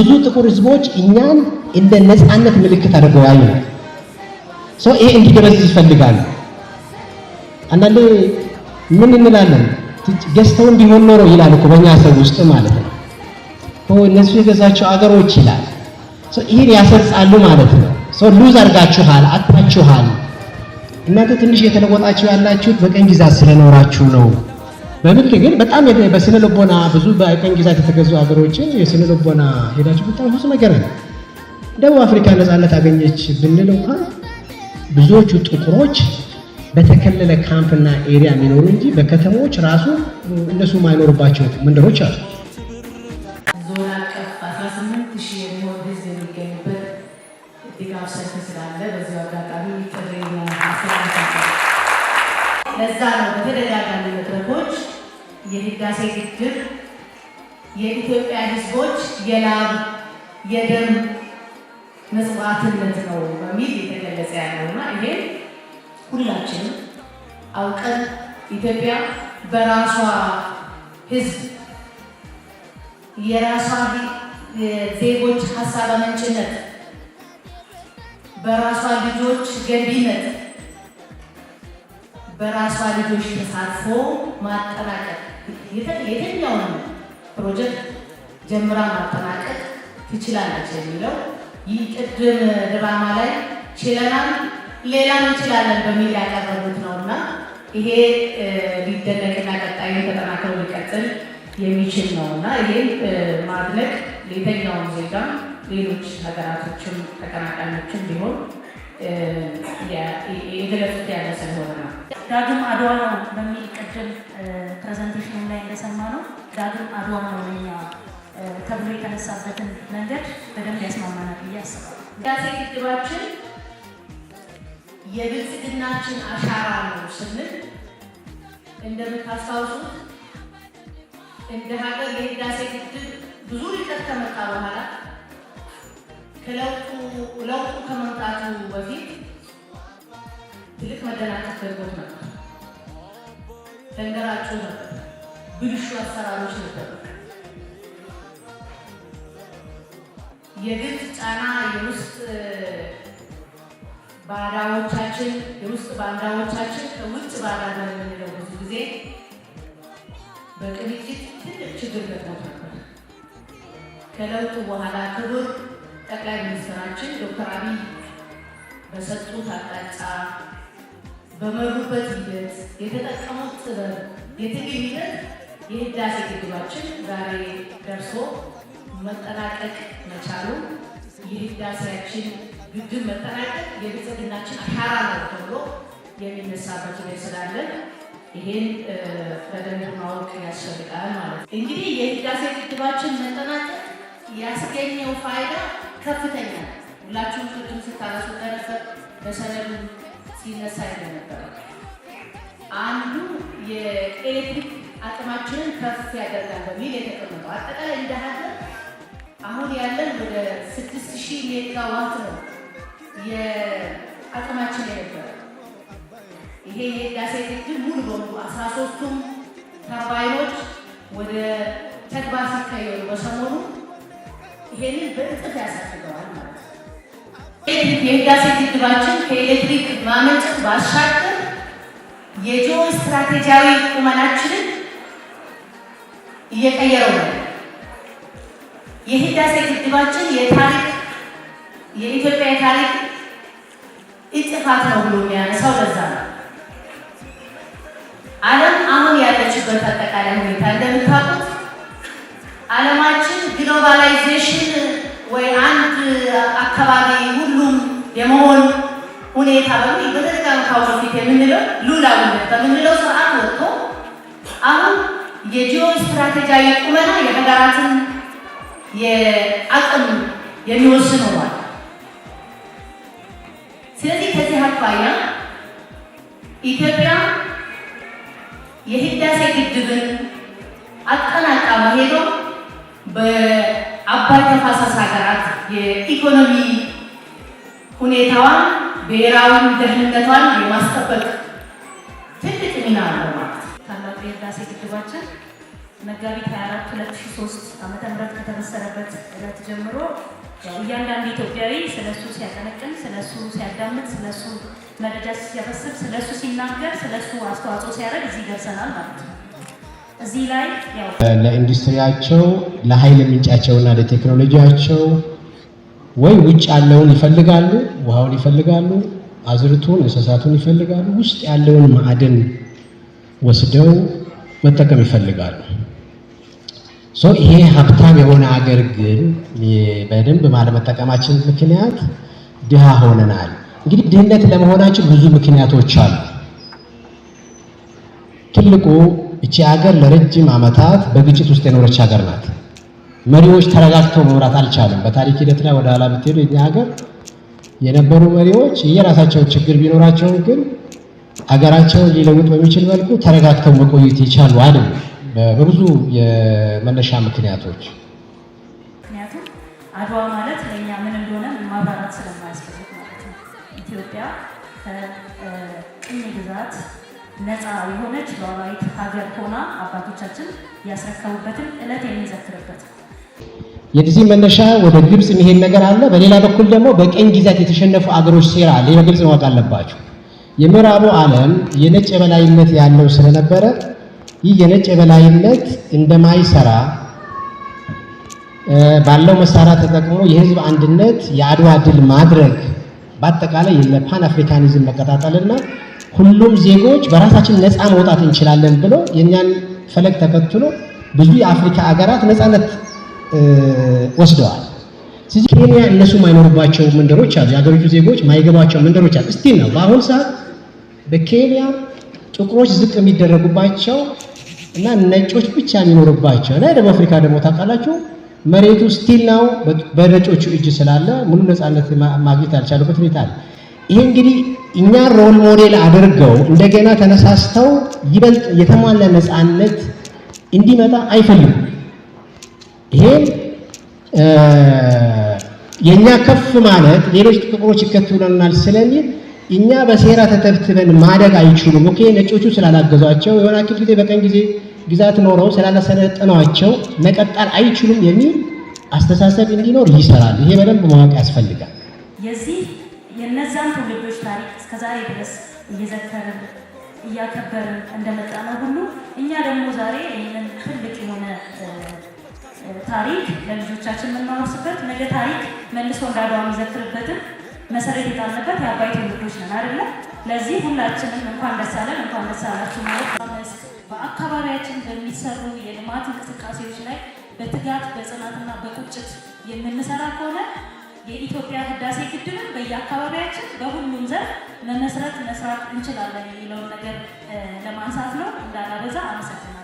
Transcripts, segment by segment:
ብዙ ጥቁር ህዝቦች እኛን እንደ ነፃነት ምልክት አድርገው ያዩ ሰው ይሄ እንዲደበዝዝ ይፈልጋሉ። አንዳንዴ ምን እንላለን ገዝተው ቢሆን ኖሮ ይላል እኮ በእኛ ሰው ውስጥ ማለት ነው። እነሱ የገዛቸው አገሮች ይላል ይህን ያሰርጻሉ ማለት ነው። ሰው ሉዝ አድርጋችኋል፣ አጥታችኋል። እናንተ ትንሽ የተለወጣችሁ ያላችሁት በቀኝ ግዛት ስለኖራችሁ ነው። በምት ግን በጣም በስነ ልቦና ብዙ በቀኝ ግዛት የተገዙ ሀገሮችን የስነ ልቦና ሄዳችሁ ብታይ ብዙ ነገር ነው። ደቡብ አፍሪካ ነፃነት አገኘች ብንል እንኳን ብዙዎቹ ጥቁሮች በተከለለ ካምፕና ኤሪያ የሚኖሩ እንጂ በከተሞች ራሱ እነሱ ማይኖሩባቸው መንደሮች አሉ። ዞን አቀፍ 18 ሺህ የሚሆን ህዝብ የሚገኝበት ድጋፍ ሰልፍ ስላለ በዚ አጋጣሚ ጥሪ ለዛ ነው በተደጋጋሚ መድረኮች የህዳሴ ግድብ የኢትዮጵያ ህዝቦች የላብ የደም መስዋዕትነት ነው በሚል የተገለጸ ያለውና ይሄ ሁላችንም አውቀን ኢትዮጵያ በራሷ ህዝብ የራሷ ዜጎች ሀሳብ አመንጭነት በራሷ ልጆች ገቢነት በራሷ ልጆች ተሳትፎ ማጠናቀቅ የትኛውን ፕሮጀክት ጀምራ ማጠናቀቅ ትችላለች የሚለው ይህ ቅድም ድራማ ላይ ችለናል፣ ሌላም እንችላለን በሚል ያቀረቡት ነው እና ይሄ ሊደነቅና ቀጣይ ተጠናክሮ ሊቀጥል የሚችል ነው እና ይሄን ማድነቅ ለየትኛውም ዜጋ ሌሎች ሀገራቶችም ተቀናቃኞችም ቢሆን የገለጹት ዳግም አድዋ ነው በሚል ቅድም ፕሬዘንቴሽን ላይ እንደሰማ ነው ዳግም አድዋ ነው ለኛ ተብሎ የተነሳበትን መንገድ በደንብ ያስማማናል ብዬ አስባለሁ። ህዳሴ ግድባችን የብልጽግናችን አሻራ ነው ስንል እንደምታስታውሱት እንደ ሀገር የህዳሴ ግድብ ብዙ ርቀት ከመጣ በኋላ ለውጡ ከመምጣቱ በፊት ትልቅ መደናቀፍ ገጥሞት ነበር። ተንገራችሁ ነበር። ብልሹ አሰራሮች ነበር። የግብፅ ጫና፣ የውስጥ ባዳዎቻችን የውስጥ ባንዳዎቻችን ከውጭ ባዳ ጋር የምንለው ብዙ ጊዜ በቅንጅት ትልቅ ችግር ገጥሞት ነበር። ከለውጡ በኋላ ክቡር ጠቅላይ ሚኒስትራችን ዶክተር አብይ በሰጡት አቅጣጫ በመሩበት ሂደት የተጠቀሙት ጥበብ የትግል ሂደት የህዳሴ ግድባችን ዛሬ ደርሶ መጠናቀቅ መቻሉ የህዳሴያችን ግድብ መጠናቀቅ የብልጽግናችን አሻራ ነው ተብሎ የሚነሳበት ሁኔታ ስላለን ይሄን በደንብ ማወቅ ያስፈልጋል ማለት ነው። እንግዲህ የህዳሴ ግድባችን መጠናቀቅ ያስገኘው ፋይዳ ከፍተኛ ሁላችሁም ቅድም ስታነሱ እንደነበር በሰነዱ ሲነሳ እንደነበረ አንዱ የኤሌክትሪክ አቅማችንን ከፍ ያደርጋል በሚል የተቀመጠው አጠቃላይ እንደ ሀገር አሁን ያለን ወደ ስድስት ሺህ ሜጋዋት ነው የአቅማችን የነበረ። ይሄ የህዳሴ ግድብ ሙሉ በሙሉ አስራ ሶስቱም ተርባይኖች ወደ ተግባር ሲቀየሩ በሰሞኑ ይሄንን በእጥፍ ያሳድገዋል ማለት ነው። የህዳሴ ግድባችን ከኤሌክትሪክ ማመንጨት ባሻገር የጂኦ ስትራቴጂያዊ ቁመናችንን እየቀየረው ነው። የህዳሴ ግድባችን የታሪክ የኢትዮጵያ የታሪክ እጥፋት ነው ብሎ የሚያነሳው ለዛ ነው። ዓለም አሁን ያለችበት አጠቃላይ ሁኔታ እንደምታውቁት ዓለማችን ግሎባላይዜሽን ወይ አንድ አካባቢ ሁሉም የመሆን ሁኔታ በሚ በተደጋም ካሁን በፊት የምንለው ሉላዊነት በምንለው ስርዓት ወጥቶ አሁን የጂኦ ስትራቴጂያዊ ቁመና የሀገራትን የአቅም የሚወስነዋል። ስለዚህ ከዚህ አኳያ ኢትዮጵያ የህዳሴ ግድብን አጠናቃ መሄዷ በአባይ ተፋሰስ ሀገራት የኢኮኖሚ ሁኔታዋን ብሔራዊ ደህንነቷን የማስጠበቅ ትልቅ ሚና አለው ማለት ታላቁ የህዳሴ ግድባችን መጋቢት 24 2003 ዓመተ ምህረት ከተመሰረበት ዕለት ጀምሮ እያንዳንዱ ኢትዮጵያዊ ስለሱ ሲያቀነቅን፣ ስለሱ ሲያዳምጥ፣ ስለሱ መረጃ ሲሰበስብ፣ ስለሱ ሲናገር፣ ስለሱ አስተዋጽኦ ሲያደርግ እዚህ ደርሰናል ማለት ነው። ለኢንዱስትሪያቸው ለኃይል ምንጫቸውና ለቴክኖሎጂያቸው ወይ ውጭ ያለውን ይፈልጋሉ፣ ውሃውን ይፈልጋሉ፣ አዝርቱን እንስሳቱን ይፈልጋሉ። ውስጥ ያለውን ማዕድን ወስደው መጠቀም ይፈልጋሉ። ሶ ይሄ ሀብታም የሆነ ሀገር ግን በደንብ ባለመጠቀማችን ምክንያት ድሃ ሆነናል። እንግዲህ ድህነት ለመሆናችን ብዙ ምክንያቶች አሉ። ትልቁ እቺ ሀገር ለረጅም ዓመታት በግጭት ውስጥ የኖረች ሀገር ናት። መሪዎች ተረጋግተው መምራት አልቻሉም። በታሪክ ሂደት ላይ ወደ ኋላ ብትሄዱ የኛ ሀገር የነበሩ መሪዎች የራሳቸው ችግር ቢኖራቸው ግን ሀገራቸውን ሊለውጥ በሚችል መልኩ ተረጋግተው መቆየት ይቻሉ አለ በብዙ የመነሻ ምክንያቶች። ምክንያቱም አድዋ ማለት ለእኛ ምን እንደሆነ ማብራራት ስለማያስፈልግ ማለት ነው ኢትዮጵያ ከቅኝ ግዛት ነፃ የሆነች ሉዓላዊት ሀገር ሆና አባቶቻችን ያስረከቡበትን ዕለት የምንዘክርበት የዚህ መነሻ ወደ ግብፅ መሄድ ነገር አለ። በሌላ በኩል ደግሞ በቀኝ ግዛት የተሸነፉ አገሮች ሴራ አለ። በግልጽ ማወቅ አለባቸው። የምዕራቡ ዓለም የነጭ የበላይነት ያለው ስለነበረ ይህ የነጭ የበላይነት እንደማይሰራ ባለው መሳሪያ ተጠቅሞ የህዝብ አንድነት የአድዋ ድል ማድረግ በአጠቃላይ የፓን አፍሪካኒዝም መቀጣጠልና ሁሉም ዜጎች በራሳችን ነፃ መውጣት እንችላለን ብሎ የእኛን ፈለግ ተከትሎ ብዙ የአፍሪካ ሀገራት ነፃነት ወስደዋል። ስለዚህ ኬንያ እነሱ የማይኖሩባቸው መንደሮች አሉ፣ የሀገሪቱ ዜጎች ማይገባቸው መንደሮች አሉ። እስቲ ነው በአሁኑ ሰዓት በኬንያ ጥቁሮች ዝቅ የሚደረጉባቸው እና ነጮች ብቻ የሚኖርባቸው እና ደቡብ አፍሪካ ደግሞ ታውቃላችሁ መሬቱ ስቲል ነው በነጮቹ እጅ ስላለ ሙሉ ነፃነት ማግኘት ያልቻሉበት ሁኔታ አለ። ይህ እንግዲህ እኛ ሮል ሞዴል አድርገው እንደገና ተነሳስተው ይበልጥ የተሟላ ነፃነት እንዲመጣ አይፈልጉም። ይሄ የእኛ ከፍ ማለት ሌሎች ጥቁሮች ይከተሉናል ስለሚል እኛ በሴራ ተተብትበን ማደግ አይችሉም። ኦኬ ነጮቹ ስላላገዟቸው የሆነ አክል ጊዜ በቀን ጊዜ ግዛት ኖረው ስላላሰለጠኗቸው መቀጠል አይችሉም የሚል አስተሳሰብ እንዲኖር ይሰራል። ይሄ በደንብ ማወቅ ያስፈልጋል። የነዛን ትውልዶች ታሪክ እስከዛሬ ድረስ እየዘከርን እያከበርን እንደመጣ ሁሉ እኛ ደግሞ ዛሬ ይህንን ትልቅ የሆነ ታሪክ ለልጆቻችን የምናወርስበት ነገ ታሪክ መልሶ እንዳድዋ የሚዘክርበትን መሰረት የጣልንበት የአባይ ትውልዶች ነን አይደለ? ለዚህ ሁላችንም እንኳን ደስ አለን እንኳን ደስ አላችሁ ማለት በአካባቢያችን በሚሰሩ የልማት እንቅስቃሴዎች ላይ በትጋት በጽናትና በቁጭት የምንሰራ ከሆነ የኢትዮጵያ ህዳሴ ግድብን በየአካባቢያችን በሁሉም ዘርፍ መመስረት መስራት እንችላለን የሚለውን ነገር ለማንሳት ነው። እንዳላበዛ አመሰግናለሁ።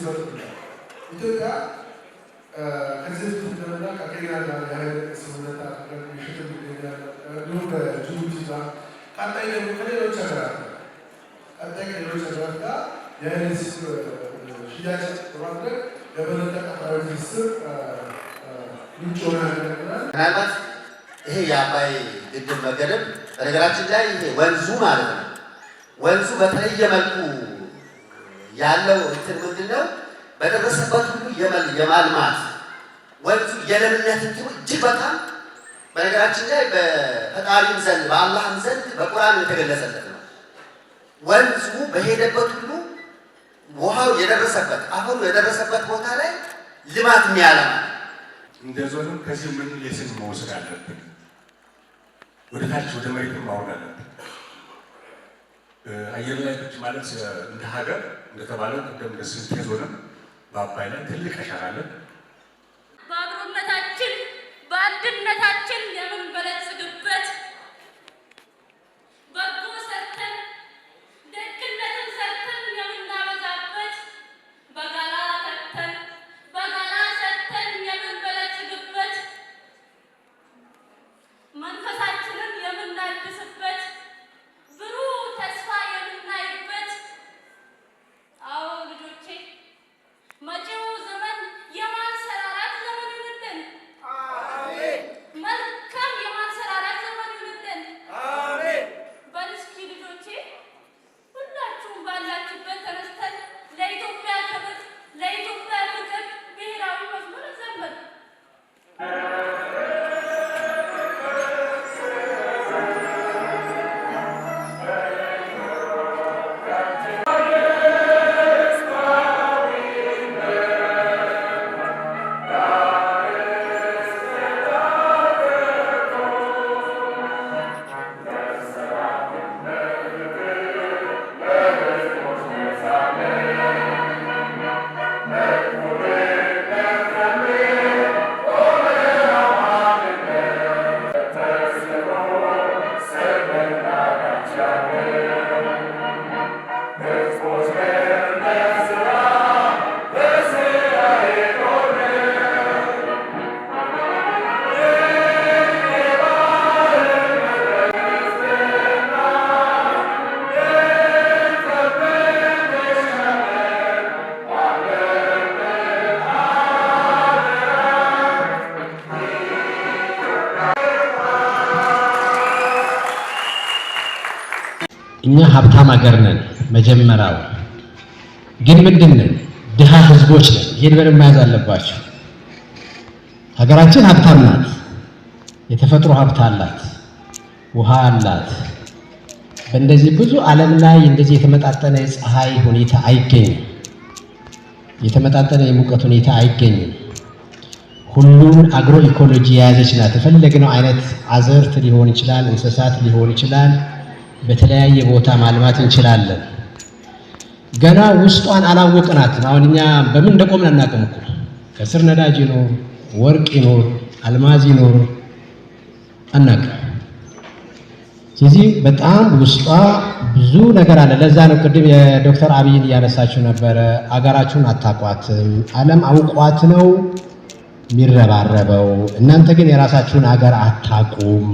ሲመጡ ኢትዮጵያ ከዚህ ስምምነትና ከኬንያ ጋር የኃይል ስምምነት አድርገን ምሽት እንዲሁም በጅቡቲ ጋር ቀጣይ ደግሞ ከሌሎች ሀገራት ቀጣይ ከሌሎች ሀገራት ጋር የኃይል ሽያጭ በማድረግ የበለጠ ቀጣዊ ትስስር ምንጭ ሆነ ያገለግላል። ምናልባት ይሄ የአባይ ግድብ መገደብ በነገራችን ላይ ይሄ ወንዙ ማለት ነው። ወንዙ በተለየ መልኩ ያለው እንትን ምንድነው? ነው? በደረሰበት ሁሉ የማልማት ወንዙ የለምነት እንትኑ እጅግ በጣም በነገራችን ላይ በፈጣሪም ዘንድ በአላህም ዘንድ በቁርአን የተገለጸለት ነው። ወንዙ በሄደበት ሁሉ ውሃው የደረሰበት አሁኑ የደረሰበት ቦታ ላይ ልማት የሚያለም እንደ ዞንም ከዚህ ምን ሌስን መውሰድ አለብን? ወደታች ወደ መሬት ማውረድ አለብን። አየር ላይ ቁጭ ማለት እንደ ሀገር እንደተባለው ቅደም ደስ ሆነም በአባይ ላይ ትልቅ አሻራ እኛ ሀብታም ሀገር ነን። መጀመሪያው ግን ምንድን ነን? ድሃ ህዝቦች ነን። ይህን በደንብ መያዝ አለባቸው። ሀገራችን ሀብታም ናት። የተፈጥሮ ሀብት አላት፣ ውሃ አላት። በእንደዚህ ብዙ ዓለም ላይ እንደዚህ የተመጣጠነ የፀሐይ ሁኔታ አይገኝም። የተመጣጠነ የሙቀት ሁኔታ አይገኝም። ሁሉን አግሮ ኢኮሎጂ የያዘች ናት። የፈለግነው አይነት አዘርት ሊሆን ይችላል፣ እንስሳት ሊሆን ይችላል በተለያየ ቦታ ማልማት እንችላለን። ገና ውስጧን አላወቅናትም። አሁን እኛ በምን እንደቆምን አናውቅም እኮ ከስር ነዳጅ ይኖር፣ ወርቅ ይኖር፣ አልማዝ ይኖር አናውቅም። ስለዚህ በጣም ውስጧ ብዙ ነገር አለ። ለዛ ነው ቅድም የዶክተር አብይን እያነሳችሁ ነበረ። አገራችሁን አታቋትም፣ ዓለም አውቋት ነው የሚረባረበው። እናንተ ግን የራሳችሁን አገር አታቁም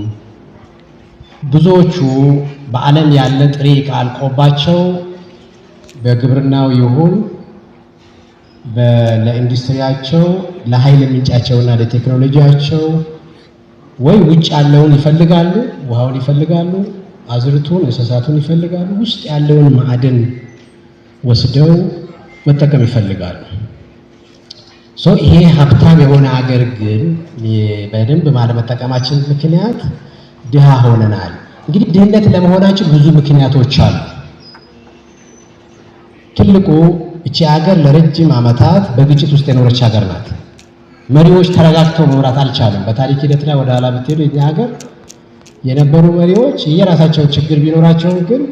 ብዙዎቹ በዓለም ያለ ጥሬ ዕቃ አልቆባቸው በግብርናው ይሁን ለኢንዱስትሪያቸው ለኃይል ምንጫቸውና ለቴክኖሎጂያቸው ወይ ውጭ ያለውን ይፈልጋሉ፣ ውሃውን ይፈልጋሉ፣ አዝርቱን እንስሳቱን ይፈልጋሉ። ውስጥ ያለውን ማዕድን ወስደው መጠቀም ይፈልጋሉ። ይሄ ሀብታም የሆነ ሀገር ግን በደንብ ባለመጠቀማችን ምክንያት ድሃ ሆነናል። እንግዲህ ድህነት ለመሆናችን ብዙ ምክንያቶች አሉ። ትልቁ እቺ ሀገር ለረጅም ዓመታት በግጭት ውስጥ የኖረች ሀገር ናት። መሪዎች ተረጋግተው መምራት አልቻሉም። በታሪክ ሂደት ላይ ወደ ኋላ ብትሄዱ የኛ ሀገር የነበሩ መሪዎች የራሳቸው ችግር ቢኖራቸውም ግን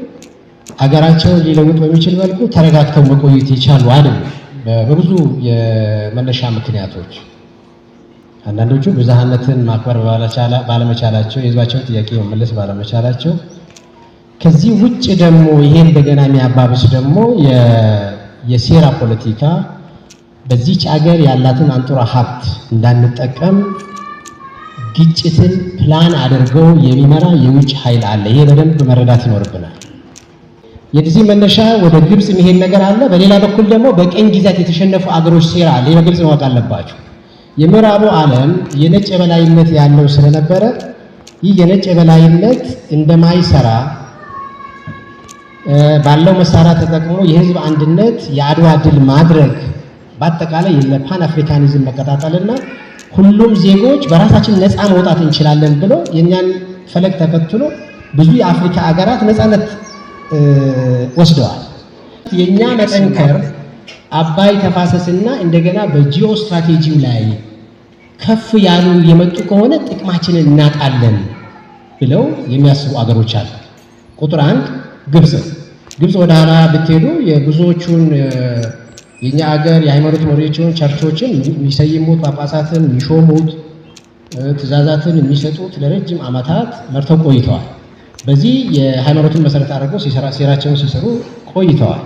ሀገራቸውን ሊለውጥ በሚችል መልኩ ተረጋግተው መቆየት የቻሉ አይደለም በብዙ የመነሻ ምክንያቶች አንዳንዶቹ ብዝሃነትን ማክበር ባለመቻላቸው የህዝባቸውን ጥያቄ መመለስ ባለመቻላቸው ከዚህ ውጭ ደግሞ ይሄን እንደገና የሚያባብስ ደግሞ የሴራ ፖለቲካ በዚች አገር ያላትን አንጡራ ሀብት እንዳንጠቀም ግጭትን ፕላን አድርገው የሚመራ የውጭ ኃይል አለ። ይሄ በደንብ መረዳት ይኖርብናል። የዚህ መነሻ ወደ ግብፅ የሚሄድ ነገር አለ። በሌላ በኩል ደግሞ በቅኝ ግዛት የተሸነፉ አገሮች ሴራ አለ። ይሄ በግልጽ ማወቅ አለባቸው። የምዕራቡ ዓለም የነጭ የበላይነት ያለው ስለነበረ ይህ የነጭ የበላይነት እንደማይሰራ ባለው መሳሪያ ተጠቅሞ የህዝብ አንድነት የአድዋ ድል ማድረግ በአጠቃላይ ለፓን አፍሪካኒዝም መቀጣጠልና ሁሉም ዜጎች በራሳችን ነፃ መውጣት እንችላለን ብሎ የእኛን ፈለግ ተከትሎ ብዙ የአፍሪካ ሀገራት ነፃነት ወስደዋል። የእኛ መጠንከር አባይ ተፋሰስና እንደገና በጂኦ ስትራቴጂው ላይ ከፍ ያሉ የመጡ ከሆነ ጥቅማችንን እናጣለን ብለው የሚያስቡ አገሮች አሉ። ቁጥር አንድ ግብፅ። ግብፅ ወደ ኋላ ብትሄዱ የብዙዎቹን የእኛ አገር የሃይማኖት መሪዎችን ቸርቾችን የሚሰይሙት ጳጳሳትን የሚሾሙት ትእዛዛትን የሚሰጡት ለረጅም ዓመታት መርተው ቆይተዋል። በዚህ የሃይማኖትን መሰረት አድርገው ሴራቸውን ሲሰሩ ቆይተዋል።